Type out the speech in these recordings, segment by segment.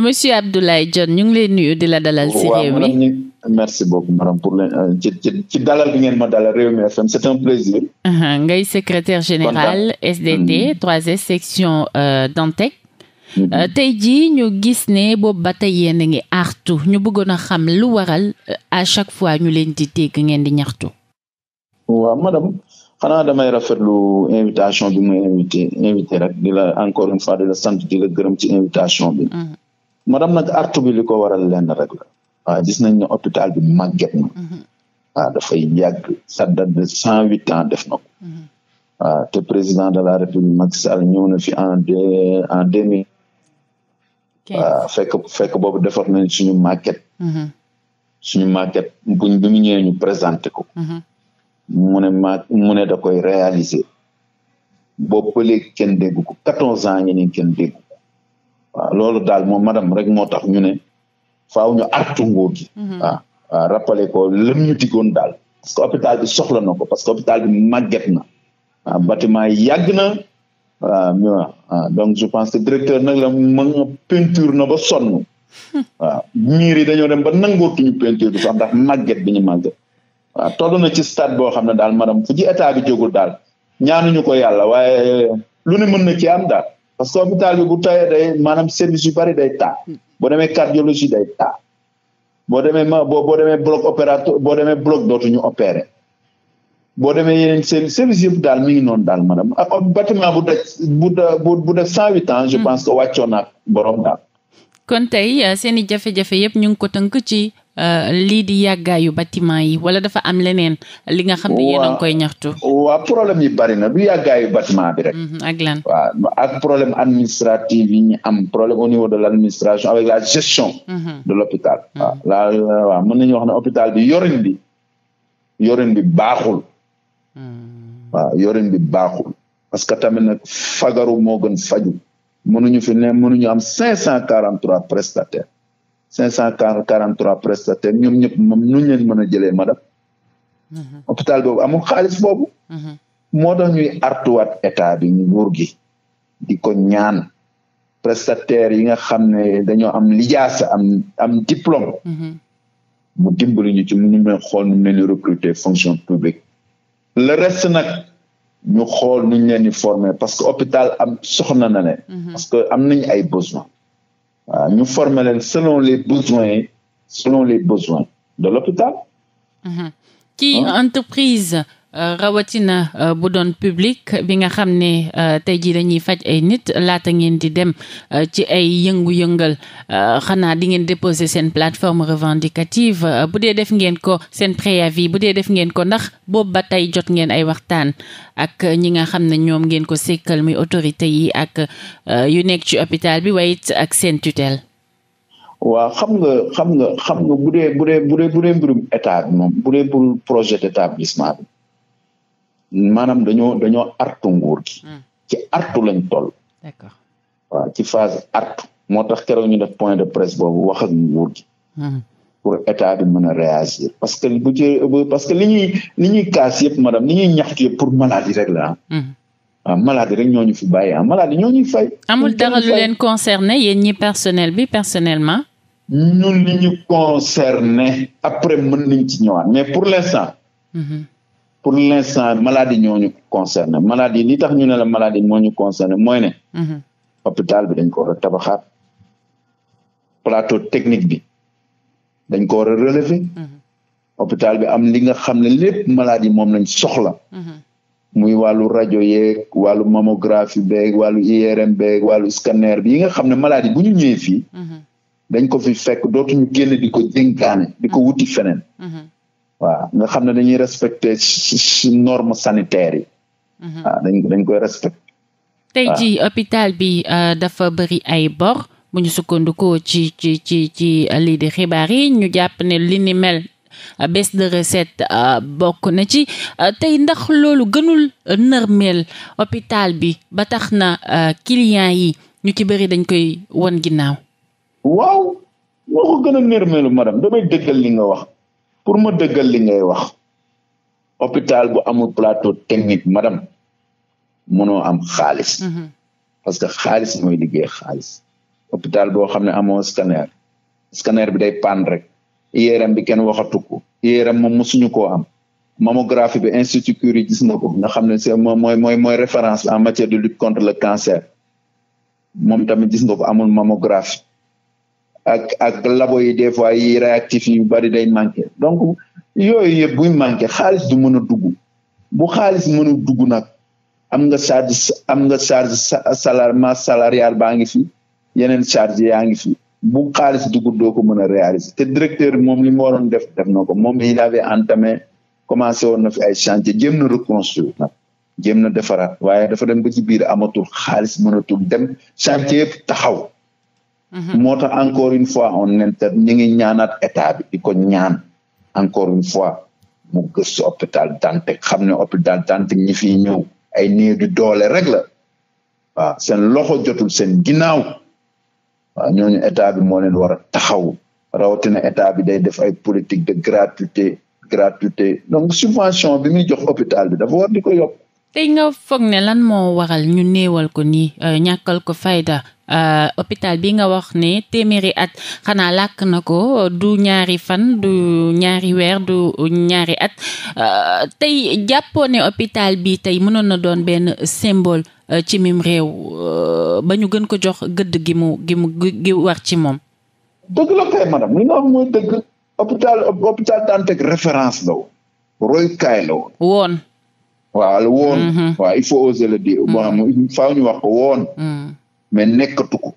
monsieur Abdoulaye Dione ñu ngi lay nuyu di la dalal si réew mi merci beaucoup madame euh, ci ci dalal bi ngeen ma dalal Rewmi FM c'est un plaisir. Uh-huh, ngay secrétaire général SDT 3 mm-hmm. section euh, Dantec. Mm-hmm. Euh, tey jii ñu gis ne boobu ba tey yéen a ngi artu ñu bëggoon a xam lu waral à chaque fois ñu leen di dégg ngeen di ñaxtu. waaw madame xanaa damay rafetlu invitation bi mu invité invité rek di la encore une fois di la sant di la gërëm ci invitation bi. Uh-huh. madam nag artu bi li ko waral lenn rek la gis nañ ne hôpital bi màgget na mhm. waaw dafay yàgg sa de cent huit ans def na ko mhm. te président de la république Macky Sall ñëw na fi en en deux mille waaw fekk fekk boobu defar nañ suñu maquette mhm. suñu maquette buñ bi ñu présenté ko mu ne mu ne da koy réaliser boobu ba léegi kenn dégg ko quatorze ans ñi ni waaw loolu daal moo madam rek moo tax ñu ne faaw ñu artu nguur gi mhm. waaw waaw ko lëm ñu diggoon daal parce que hôpital bi soxla na ko parce que hôpital bi màgget na waaw yi yàgg na waaw donc je pense que directeur nag la ma nga peinture na ba sonn hmm. waaw miir yi dañoo dem ba nangootuñu peinture bi sax ndax màgget bi ñu màgget waaw toll na ci stade boo xam ne daal madame fu ci état bi jógul daal ñaanuñu ko yàlla waaye lu ne mën na ci am daal parce que hôpital bi bu tawee day maanaam service yu bari day taa hmm. boo demee cardiologie day taa boo demee ma boo boo demee bloc opératoire boo demee bloc dootuñu opérer boo demee yeneen service yëpp daal mi ngi noonu daal madame ak bâtiment bu def bu bu bu def cent huit ans je hmm. pense que wàccoon naa borom daal kon tey euh, seen i jafe-jafe yëpp ñu ngi ko tënk ci Euh, lii di yàggaayu bâtiment yi wala dafa am leneen li nga xam ne yéen a ngi koy ñaxtu waaw problème yi bari na du yàggaayu bâtiment bi rek mm-hmm, ak lan waaw problème administratif yi ñu am problème au de l' avec la gestion mm-hmm. de l'hôpital mm-hmm. waaw la waaw mën nañu wax ne hôpital bi yorin bi yorin bi baaxul bi baaxul parce que tamit nag fagaru moo gën faju mënuñu fi ne mënuñu am cinq cent quarante trois cinq cent quarante trois prestataires ñoom ñëpp moom nu ñu leen mën a jëlee madame. Mhm. hôpital boobu amul xaalis boobu. Mhm. moo tax ñuy artuwat état bi nguur gi di ko ñaan prestataire yi nga xam ne dañoo am lijaasa am am diplôme. moo mhm. dimbali ñu ci ñu mën xool nu mu leen di recruter fonction publique. le reste nag ñu xool nu ñu leen di former parce que hôpital am soxna na ne. parce que am nañu ay besoin ah euh, ñu former leen selon les besoins selon les besoins de l'hôpital ci mm-hmm. entreprise Euh, rawatina euh, bu doon publique bi nga xam ne euh, tey jii dañuy faj ay nit laata ngeen di dem ci ay yëngu-yëngal xanaa di ngeen déposer seen plateforme revendicative bu dee def ngeen ko seen préavis bu dee def ngeen ko ndax boobu ba tey jot ngeen ay waxtaan ak ñi nga xam ne ñoom ngeen ko sekkal muy autorité yi ak yu nekk ci hôpital bi waaye it ak seen tutelle. waaw xam nga xam nga xam nga bu dee bu dee bu dee projet d'établissement bi. maanaam dañoo dañoo artu nguur gi. Hmm. ci artu lañ toll. d'accord ci phase artu moo tax keroog ñu def point de presse boobu wax ak nguur gi. Hmm. pour état bi mën réagir parce que bu ci parce que li ñuy li ñuy kaas yëpp madame li ñuy ñaxtu yëpp pour maladie rek la ah. Hmm. ah maladie ñoo ñu fi bàyyi ah maladie ñoo ñuy fay. amul dara lu leen concerné yéen ñi personnel bi personnellement. ñun li ñu concerné après mën nañ ci ñëwaat mais pour les l'instant. pour l'instant maladie ñoo ñu concerné maladie li tax ñu ne la maladie moo ñu concerné mooy ne. Mhm. hôpital bi dañ ko war a tabaxaat plateau technique bi dañ ko war a relever. Mhm. hôpital bi am li nga xam ne lépp maladie moom lañ soxla. Mhm. muy wàllu rajo yeeg wàllu mammographie beeg wàllu IRM beeg wàllu scanner bi yi nga xam ne maladie bu ñu fii. dañ ko fi fekk dootuñu génn di ko jénkaane di wuti feneen. waaw nga xam ne dañuy respecté normes sanitaires yi. Mhm. waaw dañ dañ koy respecté. tey jii hôpital bi euh, dafa bari ay bor bu ñu sukkandikoo ci ci ci ci lii di xibaar yi ñu jàpp ne li ni mel euh, baisse de recette euh, bokk na ci tey ndax loolu gënul nërmeel hôpital bi ba tax na client yi ñu ci bari dañ koy won ginnaaw. waaw moo ko gën nërmeelu madame damay dëggal li nga wax. pour ma dëggal li ngay wax hôpital bu amul plateau technique madame mënoo am xaalis. Mhm. parce que xaalis mooy liggéey xaalis. hôpital boo xam ne amoo scanner scanner bi day panne rek IRM bi kenn waxatu ko IRM moom mosuñu koo am. mammographie bi institut Curie gis na ko nga xam ne c'est mooy mooy mooy référence en matière de lutte contre le cancer moom tamit gis nga ko amul mammographie ak ak labo yi des fois yi réactif yi bari day manqué donc yooyu yëpp buy manqué xaalis du mën a dugg bu xaalis mën a dugg nag am nga charge am nga charge salaire masse salariale baa ngi fi yeneen charge yaa ngi fi bu xaalis dugg doo ko mën a réaliser te directeur moom li mu waroon def def na ko moom il avait entamé commencé woon na fi ay chantier jéem na reconstruire nag jéem na defaraat waaye dafa dem ba ci biir amatul xaalis mënatul dem chantier yëpp taxaw Mm-hmm. moo tax encore une fois on inter ñu ngi ñaanaat état bi di ñaan encore une fois mu gëstu hôpital Dantec xam ne hôpital Dantec ñi fiy ñëw ay néew di doole rek la waaw seen loxo jotul seen ginnaaw waaw ñooñu état bi moo leen war a taxaw rawatina état bi day def ay politique de gratuité gratuité donc subvention bi muy jox hôpital bi dafa war di ko yokk tey nga foog ne lan moo waral ñu néewal ko nii euh, ñàkkal ko fayda Euh, hôpital bi nga wax ne téeméeri at xanaa làkk na ko du ñaari fan du ñaari weer du ñaari at euh, tey jàppoo ne hôpital bi tey mënoon na doon benn symbole euh, ci mim réew ba ñu gën ko jox gëdd gi mu gi war ci moom dëgg la kay madame li nga wax mooy dëgg hôpital hôpital Dantec référence la royukaay la woon waaw woon mm-hmm. waaw il faut oser le dire bon mm-hmm. ñu wax ko woon mm. mais nekkatu ko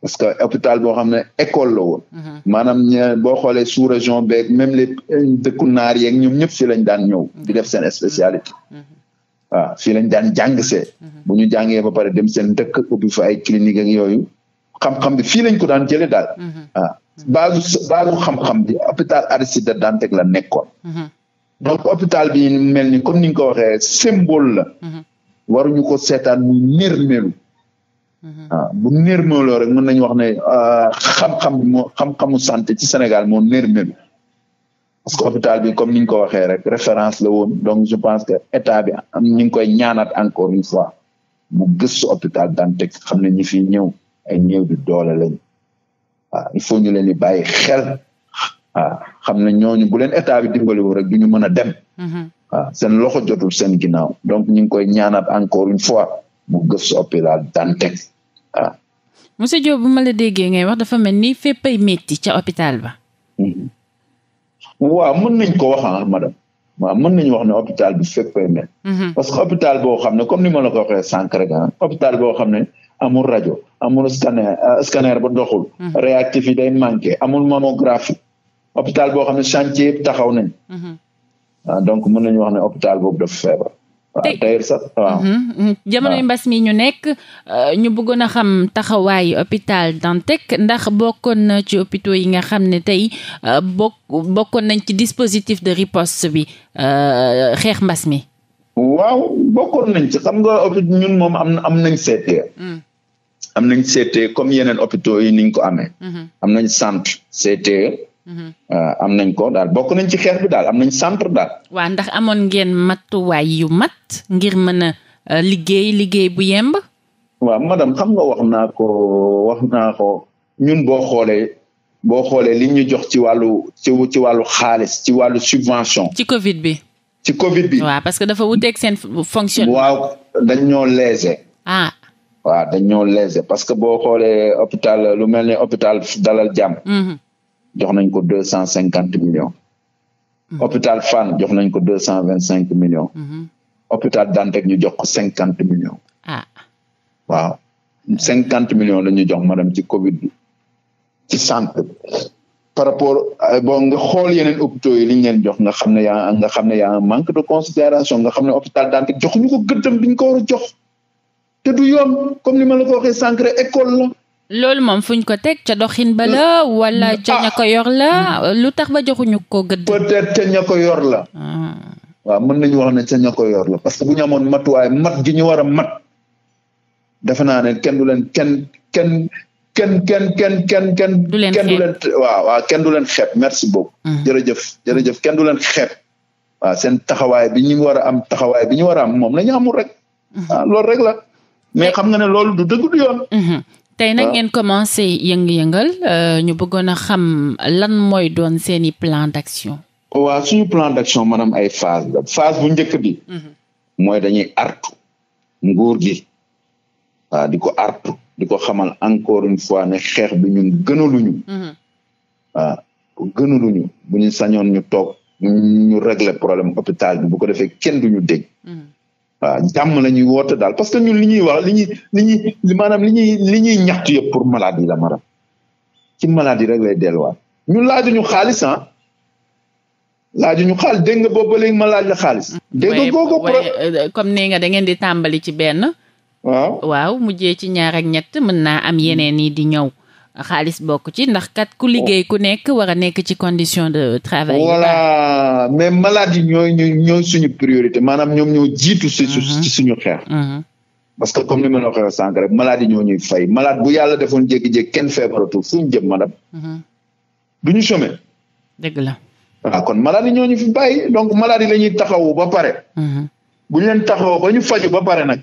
parce que hôpital boo xam ne école la woon. Mhm. maanaam ña boo xoole sous région beeg même les dëkku naar yeeg ñoom ñëpp fii lañ daan ñëw. di def seen spécialité. Mhm. Mhm. waaw fii lañ daan jàng see. bu ñu jàngee ba pare dem seen dëkk ubbi fa ay clinique ak yooyu xam-xam bi fii lañ ko daan jëlee daal. waaw base xam-xam bi hôpital Aristide Le Dantec la nekkoon. donc hôpital bi mel ni comme ni nga ko waxee symbole la. waruñu ko seetaan muy nirmeelu. waaw mm-hmm. ah, bu nërmeeloo rek mën nañu wax ne ah, xam-xam mo xam-xamu santé ci Sénégal moo nërmeelu parce que hôpital bi comme niñ ñu ko waxee rek référence la woon donc je pense que état bi am ñu ngi koy ñaanaat encore une fois mu gëstu hôpital Dantec xam ne ñi fi ñëw ay ñëw di doole lañ waaw ah, il faut ñu leen di bàyyi xel waaw xam ne ñooñu bu leen état bi dimbaliwu rek du ñu mën a dem sen mm-hmm. seen loxo jotul seen ginnaaw donc ñu ngi koy ñaanaat encore une fois mu gëstu hôpital Dantec voilà. monsieur Diop bu ma la déggee ngay wax dafa mel ni féppay métti ca hôpital ba. Mm-hmm. waaw mën nañ koo wax ah madame waaw mën nañu wax ne hôpital bi féppay métti. Mm-hmm. parce que hôpital boo xam ne comme ni ma la ko waxee sànq rek ah hôpital boo xam ne. amul rajo amul scanner ah, scanner ba doxul. Mm-hmm. réactif yi amul mammographie hôpital boo xam ne chantier yëpp taxaw nañ. Ah, donc mën nañu wax ne hôpital boobu daf feebar. tey waaw. Mhm, mhm. jamono yu mbas mi ñu nekk euh, ñu bëggoon a xam taxawaayu hôpital Dantec ndax bokkoon na ci hôpitaux yi nga xam ne tey euh, bokk bokkoon nañ ci dispositif de riposte bi euh, xeex mbas mi. waaw bokkoon nañ ci xam nga ñun moom am nañ seetee. am nañ seetee mm. comme yeneen hôpitaux yi niñ ko amee. Mhm. am nañ centre seetee. Euh, am nañ ko daal bokk nañ ci xeex bi daal am nañ centre daal. waa ndax amoon ngeen matuwaay yu mat ngir mën a euh, liggéey liggéey bu yemb. waaw madame xam nga wax naa ko wax naa ko ñun boo xoolee boo xoolee li ñu jox ci wàllu ci ci wàllu xaalis ci wàllu subvention. ci Covid bi. ci Covid bi. waaw parce que dafa wuteeg seen fonctionnement. waaw dañ ñoo léser. ah. waa dañ ñoo léser parce que boo xoolee hôpital lu mel ni hôpital Dalal Jàmm. Mm-hmm. jox nañ ko deux cent cinquante millions mhm. hôpital Fann jox nañ ko deux cent vingt cinq millions mhm. hôpital Dantec ñu jox ko cinquante millions ah waaw cinquante million la ñu jox madame ci Covid bi ci santé par rapport euh, bon nga xool yeneen hôpitaux yi li ñu leen jox nga xam ne yaa nga xam ne yaa manque de considération nga xam ne hôpital dante jox ñu ko gëddam bi ko war a jox te du comme ni ma la ko école loolu moom fuñ ko teg ca doxin ba la mm. wala mm. ca ña ko yor la ah. mm. lu tax ba joxuñu ko gëdd peut-être ca ko yor la ah. waaw mën nañu wax ne ca ña ko yor parce que bu ñu amoon matuwaay mat gi ñu wara a mat defe naa ne kenn du leen kenn kenn kenn kenn kenn kenn kenn du leen waaw waaw kenn du leen xeet merci beaucoup jërëjëf jërëjëf kenn du leen xeet waaw seen taxawaay bi ñu war a am taxawaay bi ñu war a am moom la ñu amul rek mm-hmm. ah loolu mais xam nga ne lool du dëgg du yoon mm-hmm. tey nag ngeen commencé yëngal euh, ñu bëggoon a xam lan mooy doon seeni plan d'action waaw suñu plan d'action maanaam ay phase la phase bu njëkk bi mhm. mooy dañuy artu nguur gi waa di ko artu di ko xamal encore une fois ne xeex bi ñun gënaluñu mhm. waaw gënaluñu bu ñu sañoon ñu toog ñu régler problème hôpital bi bu ko defee kenn ñu dégg mhm. waaw euh, jàmm la ñuy woote daal parce que ñun li ñuy wax li ñuy li ñuy maanaam li ñuy li ñuy ñaxtu yëpp pour maladie la maanaam ci maladie rek lay delluwaat ñun ñu xaalis ah ñu xaalis dégg nga boobu ba léegi la xaalis. dégg nga googu euh, comme nee nga da ngeen di tàmbali ci benn. waaw waaw mujjee ci ñaar ñett mën naa am yeneen yi di ñëw. xaalis bokk ci ndax kat ku liggéey oh. ku nekk war a nekk ci condition de travail voilà mais maladie ñooy ñooy suñu priorité maanaam ñoom ñoo jiitu mhm. ci suñu xeex mhm. parce que comme ni ma la waxee sànq rek maladie ñoo ñuy fay malade bu yàlla defoon jékki-jékki kenn feebaratul fu ñu jëm madame mhm. du ñu chômer dëgg la waaw kon maladie ñoo ñu fi bàyyi donc maladie lañuy ñuy taxawu ba pare bu ñu leen taxawoo ba ñu faju ba pare nag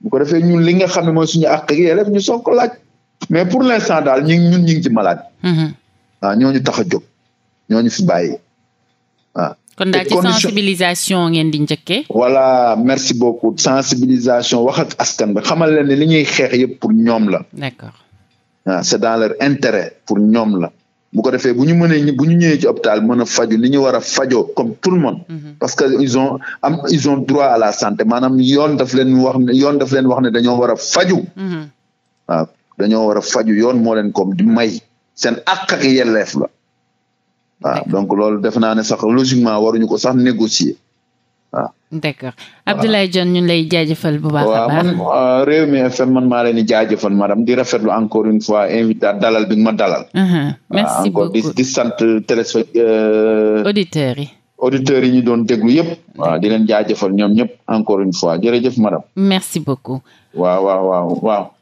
bu ko defee ñun li nga xam ne mooy suñu àq ak yelleef ñu soog ko mais pour sant daal ñu ñun ñu ngi ci malade. waaw mm-hmm. ah, ñooñu tax a jóg ñooñu fi bàyyi waaw. Ah. kon daal ci sensibilisation ngeen di njëkkee. wala merci beaucoup sensibilisation wax ak askan bi xamal leen ne li ñuy xeex yëpp pour ñoom la. d'accord a ah, c'est dans leur intérêt pour ñoom la. bu ko defee bu ñu mënee bu ñu ñëwee ci hôpital mën a faju li ñu war a fajoo comme tout le monde. Mm-hmm. parce que ils ont am ils ont droit à la santé maanaam yoon def leen wax yoon daf leen wax ne dañoo wara a faju waaw mm-hmm. dañoo war a faju yoon moo leen comme di may seen àq ak yelleef la waaw donc loolu def naa ne sax logiquement waruñu ko sax négocier waaw d'accord Abdoulaye Dione ñu lay jaajëfal bu baax a baax waaw man euh, Rewmi FM man maa leen di jaajëfal madame di rafetlu encore une fois invité dalal bi nga ma dalal uh-huh. merci beaucoup encore di di sant téléspectateurs auditeurs yi auditeurs yi ñu doon déglu yëpp waaw di leen jaajëfal ñoom ñëpp encore une fois jërëjëf madame merci beaucoup waaw waaw waaw